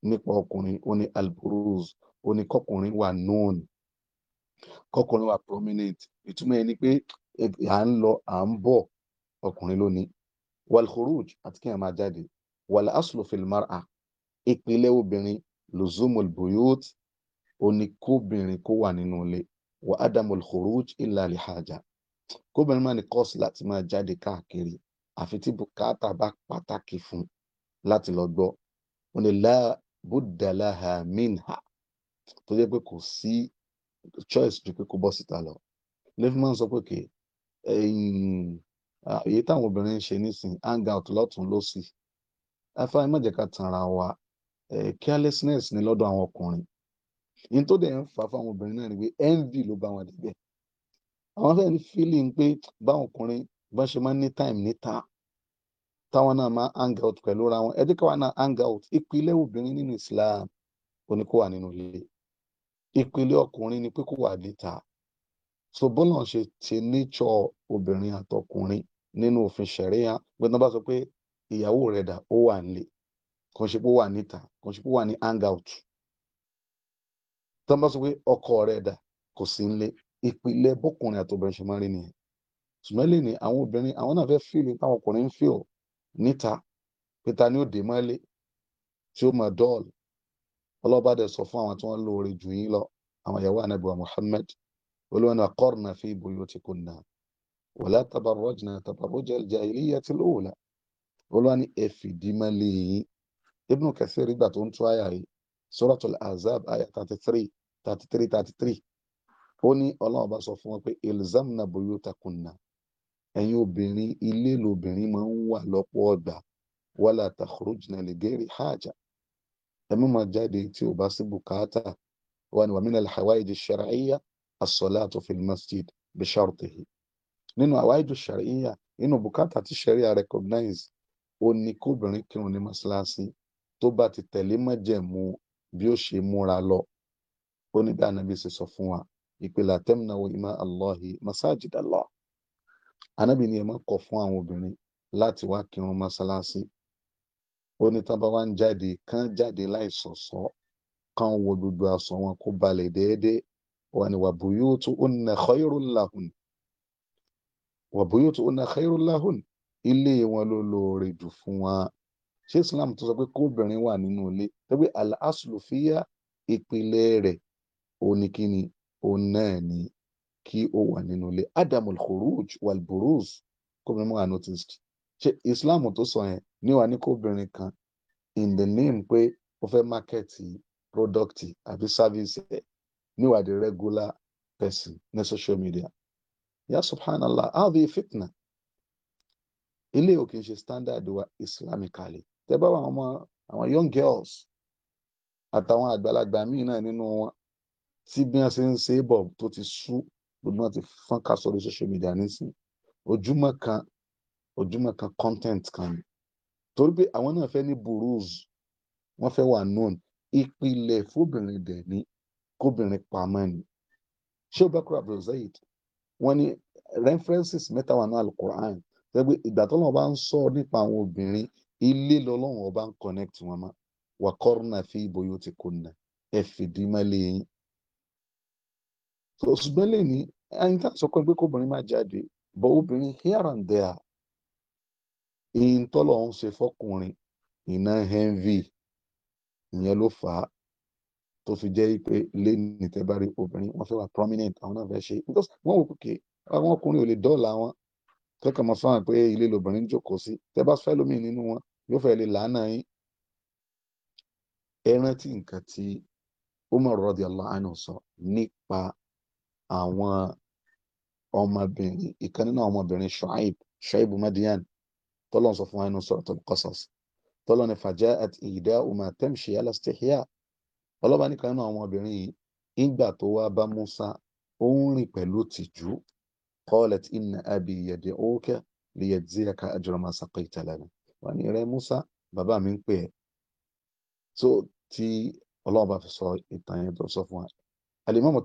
nípa ọkùnrin ó ní al ó ní kọkùnrin wà known kọkùnrin wà prominent ìtumọ̀ ẹni pé à ń lọ à ń bọ̀ ọkùnrin lónìí wal-khuruj àti kí n máa jáde wal-aslu fil mar'a ìpìlẹ̀ obìnrin luzumul buyut ó ní kóbìnrin kó wà nínú ilé wà adamul khuruj illa li haja kóbìnrin máa ní kọ́ọ̀sì láti máa jáde káàkiri àfi tí bùkátà bá pàtàkì fún láti lọ gbọ́ wọn ni la budda laha minha tó jẹ́ pé kò sí choice ju pé kó bọ́ síta lọ lefman sọ pé kè èyí táwọn obìnrin ń ṣe nísìn hangout lọ́tún lọ́sì afáàmọ́jẹ̀ká tanra wa carelessness ni lọ́dọ̀ àwọn ọkùnrin ní tó dẹ̀ ń fà fáwọn obìnrin náà ni envy ló bá wọn débẹ̀ àwọn fẹ́ẹ́ ní feeling pé báwọn ọkùnrin bá ṣe máa ń ní time níta táwọn náà máa hang out pẹ̀lú ra wọn ẹ̀dí káwọn náà hang out ìpìlẹ̀ obìnrin nínú Islam oní kó wà nínú ilé ìpìlẹ̀ ọkùnrin ni pé kó wà níta so bọ́lá ṣe ti níjọ obìnrin àtọkùnrin nínú òfin ṣẹ̀ríyà pé tí wọ́n bá sọ pé ìyàwó rẹ̀ dà ó wà nílé kò ṣe pé ó wà níta kò ṣe pé ó wà ní hang out tó bá sọ pé ọkọ rẹ dà kò sí nílé ìpìlẹ̀ bọ́kùnrin àtobìnrin ṣe máa rí nìyẹn ṣùgbọ́n lè ní àwọn obìnrin àwọn náà fẹ́ fíìlì táwọn ọkùnrin ń fíìl níta pé ta ni ó dé tí ó máa dọ́ọ̀lù ọlọ́ba dẹ̀ sọ fún àwọn tí wọ́n lóore jù yín lọ àwọn ìyàwó ànábì wa Muhammad olóòna qarna fi buyutikunna wala tabarrajna tabarruja al-jahiliyyati al-ula olóòni ẹ̀fìdímọ́lé yín Ibn Kathir ìgbà tó ń tú àyà yìí Suratul Ahzab àyà 33 thirty three thirty three ó ní ọlọ́run bá sọ fún wọn pé elzamna buyutakunna ẹ̀yin obìnrin ilé lobìnrin máa ń wà lọ́pọ̀ ọ̀gbà wala takhrujna li ghairi haja ẹ má máa jáde tí ò bá sí bùkátà wà ní wa min al-hawaij ash-shar'iyya as-salatu fil masjid bi shartihi nínú hawaij ash-shar'iyya nínú bùkátà tí sharia recognize ó ní kóbìnrin kírun ní mọ́ṣáláṣí tó bá ti tẹ̀lé májẹ̀mú bí ó ṣe múra lọ ó ní bí anabi ṣe sọ fún wa ìpìlẹ̀ àtẹ́mìnáwó ìmá allahi masajid allah anabi ni ẹ má kọ̀ fún àwọn obìnrin láti wá kírun mọ́sálásí ó ní tá bá wá ń jáde kán jáde láì ṣọ̀ṣọ́ kán wo gbogbo aṣọ wọn kó balẹ̀ déédéé wà ní wàbúyótó ó nà khairul lahun wàbúyótó ó nà khairul lahun ilé wọn ló lóore jù fún wa ṣé islam tó sọ pé kóbìnrin wà nínú ilé tẹ́gbẹ́ al-aslu ìpìlẹ̀ rẹ̀ òun ni kí ni òun náà ni kí ó wà nínú ilé adamul khuruj wal buruz kóbìnrin mọ́ unnoticed ṣe islam tó sọ yẹn níwà ní kóbìnrin kan in the name pé ó fẹ́ mákẹ́tì product àbí service ẹ̀ níwà the regular person ní social media ya subhanallah hadhi fitna ilé ò ṣe standard wa islamically tẹ bá wà àwọn young girls àtàwọn àgbàlagbà míì náà nínú wọn tí bí wọ́n ṣe ń ṣe é bọ̀ tó ti sú gbogbo wọn ti fọ́n ká sórí social media nísìnyí ojúmọ́ kan ojúmọ́ kan content kan torí pé àwọn náà fẹ́ ní burúz wọ́n fẹ́ wà known ìpìlẹ̀ fóbìnrin dẹ̀ ní kóbìnrin pamọ́ ni ṣé o bá kúrò Abdul Zayed wọ́n ní references mẹ́ta wà ní alukur'an tẹ́gbẹ́ ìgbà tó lọ́wọ́ bá ń sọ nípa àwọn obìnrin ilé lọ́lọ́wọ́ bá ń connect wọn mọ́ wà kọ́rùnà fi ibo yóò ti kùnà ẹ fìdí so ṣùgbọ́n lè ní ẹni tá a sọ pé kó máa jáde bọ́ obìnrin here and there ìyìn tọ́lọ̀ ń ṣe fọkùnrin iná envy ìyẹn ló fà á tó fi jẹ́ pé lẹ́ni tẹ́ bá rí obìnrin wọ́n fẹ́ wà prominent àwọn náà fẹ́ ṣe because wọ́n wò pé àwọn ọkùnrin ò lè dọ́ọ̀la wọn kẹ́kọ̀ọ́ mọ̀ fáwọn pé ilé lobìnrin jókòó sí tẹ́ bá fẹ́ lómi nínú wọn yóò fẹ́ lè làánà yín ẹ rántí nǹkan tí Umar radiyallahu anhu sọ nípa àwọn ọmọbìnrin ìkan nínú àwọn ọmọbìnrin Shuaib Shuaib Madian tọ́lọ́n sọ fún wa nínú Suratul Qasas tọ́lọ́n ní faja'at ihda'u ma tamshi ala istihya ọlọ́ba nìkan nínú àwọn ọmọbìnrin yìí ìgbà tó wá bá Musa ó ń rìn pẹ̀lú tìjú qalat inna abi yad'uka liyajziyaka ajra ma saqayta lana wà ní rẹ Musa bàbá mi ń pè é tó ti ọlọ́ba fi sọ ìtàn yẹn tó sọ fún wa Al-Imam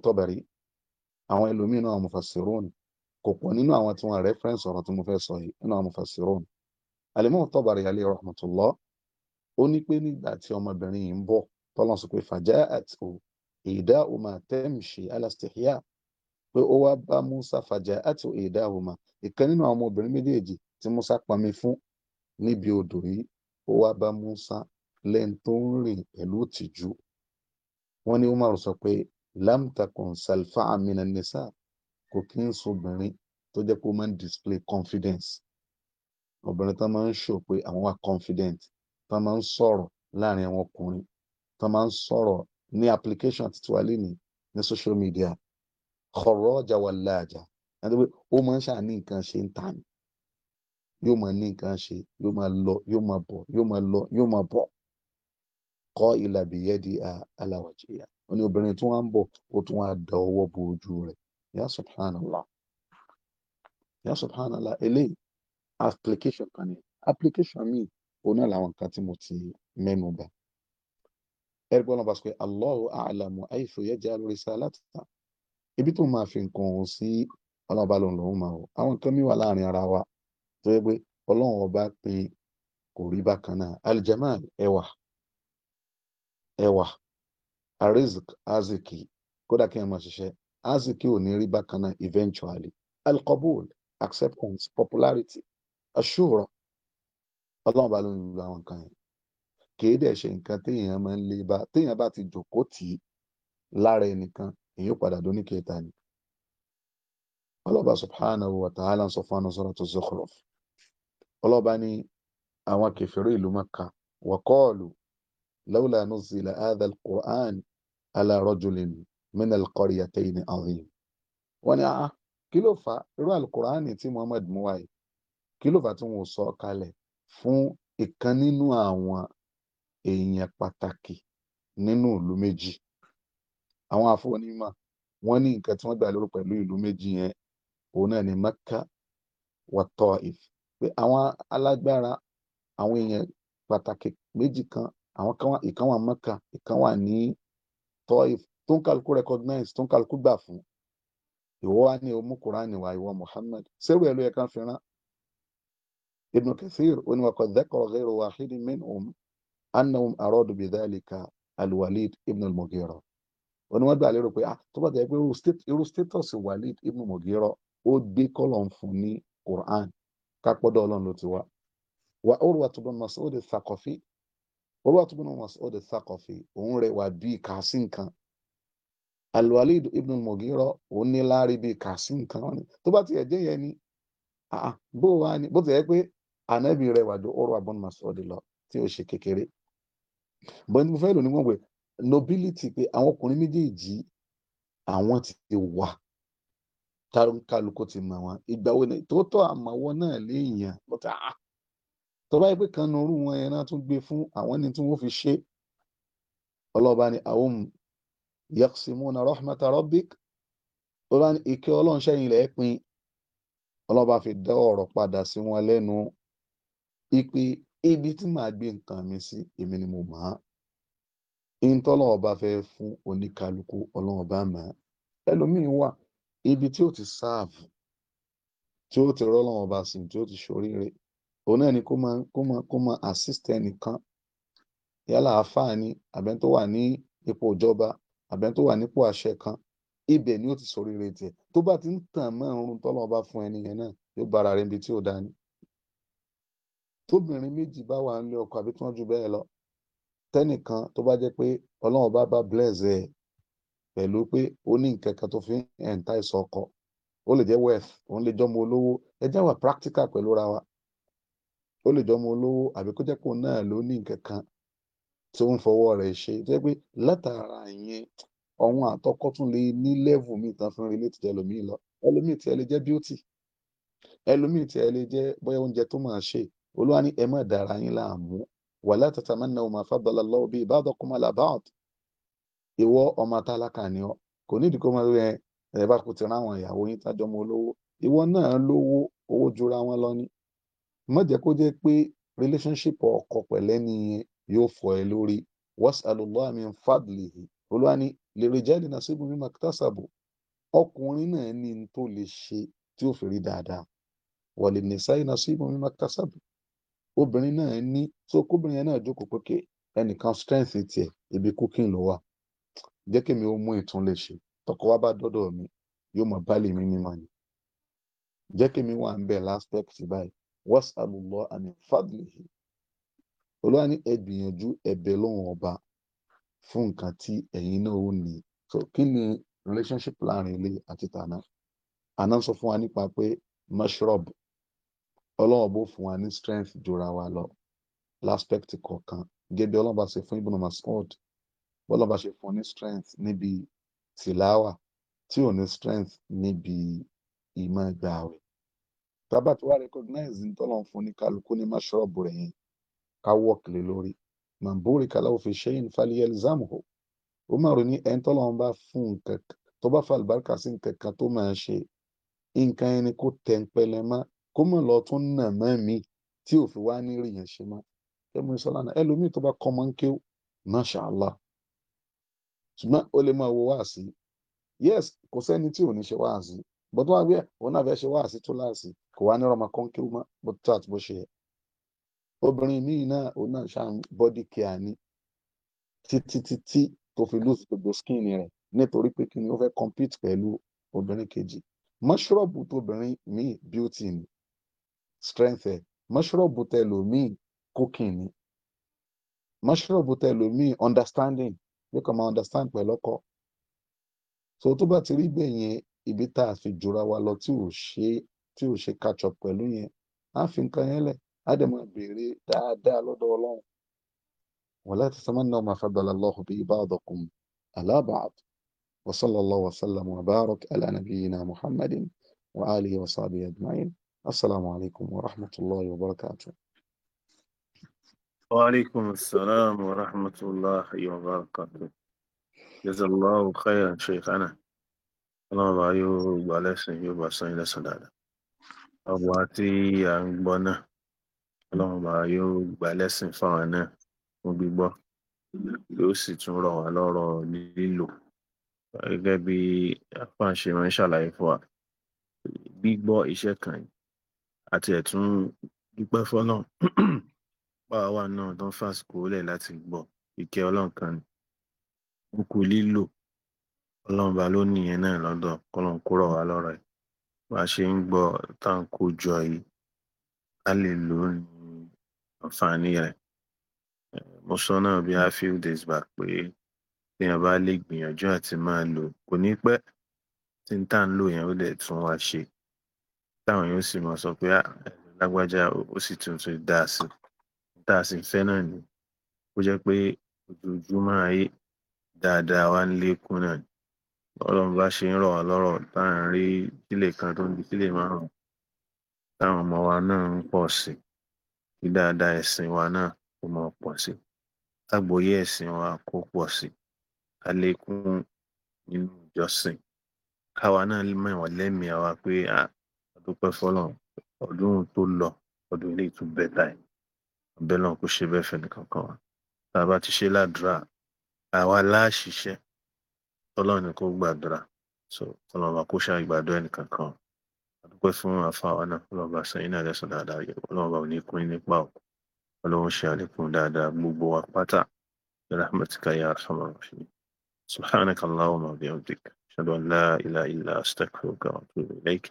àwọn ẹlòmíín náà mufassirun kò pọ̀ nínú àwọn tí wọ́n rẹ́fẹ́rẹ́nsì ọ̀rọ̀ tí mo fẹ́ sọ yìí nínú àwọn mufassirun alimọ́n tọ́bàrì alẹ́ rahmatullah ó ní pé nígbà tí ọmọbìnrin yìí ń bọ̀ tọ́lọ́ sọ pé fàjá àti ìdá òmà tẹ́mṣì alastihya pé ó wá bá musa fàjá àti ìdá òmà ìkan nínú àwọn ọmọbìnrin méjèèjì tí musa pamí fún níbi odò yìí ó wá bá musa lẹ́ni tó ń rìn pẹ̀lú ìtìjú wọ́n ní umar sọ pé lamtakun salfa amina nisa kò kí ń sobìnrin tó jẹ́ pé ó máa ń display confidence obìnrin tó máa ń show pé àwọn wà confident tó máa ń sọ̀rọ̀ láàrin àwọn ọkùnrin tó máa ń sọ̀rọ̀ ní application àti tuwalé ní ní social media kọ̀rọ̀ ọjà wà láàjà àti pé ó máa ń ṣàní nǹkan ṣe ń tà ní yóò máa ní nǹkan ṣe yóò máa lọ yóò máa bọ̀ yóò máa lọ yóò máa bọ̀ kọ́ ìlàbíyẹ́ di aláwàjẹyà wọn ní obìnrin tí wọn ń bọ ó tún wá da ọwọ́ bo ojú rẹ̀ ya subhanallah ya subhanallah eléyìí application kan ni application mi òun náà làwọn nǹkan tí mo ti mẹ́nu bà ẹrí gbọ́dọ̀ bá sọ pé Allahu a'lamu haythu yaj'alu risalata ibi tó máa fi nǹkan ọ̀hún sí ọlọ́run ọba lòun lòun máa wò àwọn nǹkan mi láàrin ara wa tó yẹ pé ọlọ́run ọba pé kò rí bákan náà aljamal ẹwà ẹwà arizik aziki kódà kí n máa ṣiṣẹ́ aziki ò ní rí bákan náà eventually alqabul acceptance popularity ashura ọlọ́run bá ló ń lu àwọn nǹkan yẹn kìí dẹ̀ ṣe nǹkan téèyàn máa ń lé bá téèyàn bá ti jòkó tì í lára ẹnìkan èyí ó padà dóní kẹta ni ọlọ́ba subhanahu wa ta'ala sọ fún anusọ́rọ̀ tó Zukhruf ọlọ́ba ní àwọn kẹfẹ́rẹ́ ìlú Maka waqalu lawla nuzila hadha quran على رجل من القريتين عظيم. azim wọ́n ní ah kí ló fà irú alukurani tí muhammed mú wáyé kí ló fà tí wọn ò sọ kalẹ̀ fún ìkan nínú àwọn èèyàn pàtàkì nínú ìlú méjì àwọn àfọwọ́nímọ̀ wọ́n ní nǹkan tí wọ́n gbà lérò pẹ̀lú wa Taif pé àwọn alágbára àwọn èèyàn pàtàkì méjì kan àwọn kan wà ìkan wà mẹ́kà ìkan wà Taif tó ń kálukú recognize tó ń kálukú gbà fún ìwọ wa ní omú kúránì wa ìwọ Muhammad sẹ́rù ẹ̀ ló yẹ ká fi rán Ibn Kathir ó ní wa qad dhakara ghayru wahidin minhum annahum aradu bidhalika al-Walid ibn al-Mughira ó ní wọ́n gbà lérò pé ah tó bá jẹ́ pé irú status Walid ibn al ó gbé kọ́lọ̀ fún ní Quran kápọ́dọ̀ Ọlọ́run ló ti wá wa Urwa ibn Mas'ud al-Thaqafi Urwatubnu Mas'ud Thaqafi òun rẹwà bíi kàásì nǹkan Al-Walid ibn Mughira òun ní láàrin bíi kàásì nǹkan wọn ni tó bá tiẹ̀ jẹ́ yẹn ni bó wa ni bó tiẹ̀ pé ànábì rẹwà ju Urwa ibn Mas'ud lọ tí ó ṣe kékeré bọ́n mo fẹ́ lò ní wọ́n wẹ̀ nobility pé àwọn ọkùnrin méjèèjì àwọn ti wà kálukú ti mọ̀ wọn ìgbà wo ni tó tọ́ àmọ́ náà léèyàn lọ́tà áà tọ́ba yìí pé kan nu orú wọn yẹn náà tún gbé fún àwọn ẹni tí wọ́n fi ṣe ọlọ́ba ni àwọn yaqsimuna rahmata rabbik ọlọ́ba ni ìkẹ́ ọlọ́run sẹ́yìn ilẹ̀ pin ọlọ́ba fi dá ọ̀rọ̀ padà sí wọn lẹ́nu ipe ibi tí màá gbé nǹkan mi sí èmi ni mo mọ̀ á ìtọ́lọ́ ọba fẹ́ fún oníkálukú ọlọ́run mọ̀ á ẹlòmíín wà ibi tí ó ti sáàfù tí ó ti rọ́lọ́run ọba sìn tí ó ti ṣoríire òun náà ni kó máa kó máa kó máa assist ẹnìkan yálà ni tó wà ní ipò ìjọba kan ni ó ti sọ̀rọ̀ ire to tó bá ti ń tàn mọ́ ọ̀run tọ́lọ́ bá fún ẹni yẹn náà yóò bára rẹ̀ níbi tí ò dání. tóbìnrin méjì bá wà ọkọ àbí tí wọ́n bá pé bá bless pé ó ní kan tó fi ń entice ó lè wa ó lè jọ ọmọ olówó àbí kó jẹ́ pé òun náà ló ní nǹkan kan tó ń fọwọ́ rẹ̀ ṣe tó jẹ́ pé látara yẹn ọ̀hún àtọ́kọ́ tún lè ní lẹ́vù míì tán fún relé tìjẹ́ ẹlòmíì lọ ẹlòmíì tí ẹ lè jẹ́ bíútì ẹlòmíì tí ẹ lè jẹ́ bóyá oúnjẹ tó máa ṣe olúwa ní ẹ má yín láàmú wala tatamannaw ma faddala Allahu bihi ba'dakum ala ba'd ìwọ ọmọ tálákà ni ọ kò ní ìdíkọ́ máa rẹ ẹ bá kò ti rán àwọn ìyàwó yín tájọ́ mọ́ olówó ìwọ náà lówó owó jura wọn lọ ní má jẹ́ kó jẹ́ pé relationship ọkọ pẹ̀lẹ́ nìyẹn yóò fọ ẹ lórí wasalullah min fadlihi ni ọkùnrin náà ní n tó lè ṣe tí ó fi rí dáadáa walinisai nasibu mimma iktasabu obìnrin náà ní so kóbìnrin yẹn náà jókòó pékè ẹnìkan strength tiẹ̀ ibi cooking ló wà jẹ́ kí mi ó mú ìtún lè ṣe tọkọ wa bá mi yóò mi ni jẹ́ kí mi wà ń báyìí wasalu Allah min fadlihi olúwa ni ẹ gbìyànjú ẹ̀bẹ̀ lọ́wọ́n ọba fún nǹkan tí ẹ̀yin náà ó ní so kí ni relationship láàrin ilé àti tànà àná sọ fún wa nípa pé mashrob ọlọ́wọ́n bó fún wa ní strength jura wa lọ l'aspect kọ̀ọ̀kan gẹ́gẹ́ ọlọ́ba ṣe fún ibùdó mascot bọ́lọ́ba ṣe fún ní strength níbi tìláwà tí ò ní strength níbi ìmọ̀ ìgbà tábà tí wàá recognize ní tọ́lọ̀ fún ní kálukú ní máṣọ́ọ̀bù rẹ̀ yẹn ká wọ́ọ̀kì lé lórí mambori kalawo fi ṣẹ́yìn faliyel zamho umaru ní ẹni tọ́lọ̀ bá fún nǹkan tó bá fa àlùbáríkà sí nǹkan kan tó máa ṣe nǹkan ẹni kó tẹ̀ ń pẹlẹ mọ́ kó mọ̀ lọ tún nà mọ́ mi tí òfin wá ní rí yẹn ṣe mọ́ ẹmu sọlá náà ẹlòmíì tó bá kọ́ mọ́ ń ké masha ṣùgbọ́n ó lè máa wo wáàsí yes kò sẹ́ni tí ò ní ṣe wáàsí bọ́tọ́ wá gbé òun náà fẹ́ ṣe wáàsí tó láàsì kò wá ní ọmọ kan kí ó mọ bó tó àti bó ṣe yẹ obìnrin míì náà òun náà ṣáà ń kíá ní títí tó fi lose gbogbo skin rẹ̀ nítorí pé kí ni ó fẹ́ compete pẹ̀lú obìnrin kejì mọ́ṣúrọ̀bù tóbìnrin míì beauty ni strength ẹ̀ mọ́ṣúrọ̀bù tẹlòmíì cooking ni mọ́ṣúrọ̀bù tẹlòmíì understanding bí kò understand pẹ̀lú ọkọ so tó bá ti rí bẹ́ẹ̀ yẹn ibi tá a fi jura wa lọ tí ò ṣe tí ò ṣe catch up pẹ̀lú yẹn á fi nǹkan yẹn lẹ̀ á dẹ̀ máa béèrè dáadáa lọ́dọ̀ ọlọ́run ولا تتمنوا ما فضل الله به بعضكم على بعض وصلى الله وسلم وبارك على نبينا محمد وآله وصحبه أجمعين السلام عليكم ورحمة الله وبركاته وعليكم السلام ورحمة الله وبركاته جزا الله خيرا شيخنا ọlọ́run bá yóò gbà lẹ́sìn yóò bá san ilẹ̀ sàn dáadáa àwa tí à ń gbọ́ náà ọlọ́run ọba yóò gbà lẹ́sìn fáwa náà fún gbígbọ́ yóò sì tún rọ̀ wá lọ́rọ̀ lílò gẹ́gẹ́ bí apáǹṣe máa ń ṣàlàyé fún wa gbígbọ́ iṣẹ́ kan àti ẹ̀tún dúpẹ́ fọ́nà báwa wà náà tó ń fàsìkò lẹ̀ láti gbọ́ ìkẹ́ ọlọ́run kan ni ó kú lílò ọlọ́run ọba ló nìyẹn náà lọ́dọ̀ kọ́lọ́n kúrọ̀ wá lọ́rọ̀ ẹ̀. Bá a ṣe ń gbọ́ tá à ń kó jọ yìí, a lè lò ó ní àǹfààní rẹ̀. Mo sọ náà bí a few days back pé téèyàn bá lè gbìyànjú àti máa lò kò ní pẹ́ tí n tá à ń lò yẹn ó dẹ̀ tún wá ṣe. Táwọn èèyàn ó sì máa sọ pé háà ah, lágbájá ó sì tún ti dá a sí. N tá a sì fẹ́ náà ni kó jẹ́ pé ojoojúmọ́ ayé dáadáa wá ń lékún náà ni. Bọ́lọ́run bá ṣe ń rọ̀ wá lọ́rọ̀ tá à ń rí sílè kan tó ń di sílè márùn-ún, táwọn ọmọ wa náà ń pọ̀ sí i, kí dáadáa ẹ̀sìn wa náà kó máa pọ̀ sí i, kágbọ́yé ẹ̀sìn wa kó pọ̀ sí i, ká lékún nínú ìjọsìn, káwa náà mọ̀ lẹ́mìí wa pé à a dúpẹ́ f'Ọlọ́run, ọdún tó lọ, ọdún eléyìí tún bẹ́tà ẹ̀, a bẹ Ọlọ́run kó ṣe bẹ́ẹ̀ fẹ́nìkọ̀ọ̀kan wa, tá a bá ti ṣe ládùúrà, àwa lá ọlọrun ní kó gbàdúrà so ọlọrun bá kó ṣáà gbàdúrà ẹnìkan kan àdúpẹ fún àfàwà náà ọlọrun bá san iná lẹsùn dáadáa yẹ ọlọrun bá òní kún nípa ọ ọlọrun ṣe àlékún dáadáa gbogbo wa pátá rahmatika ya arhamar rahim subhanaka allahumma wa bihamdik ashhadu an la ilaha illa astaghfiruka wa atubu ilayk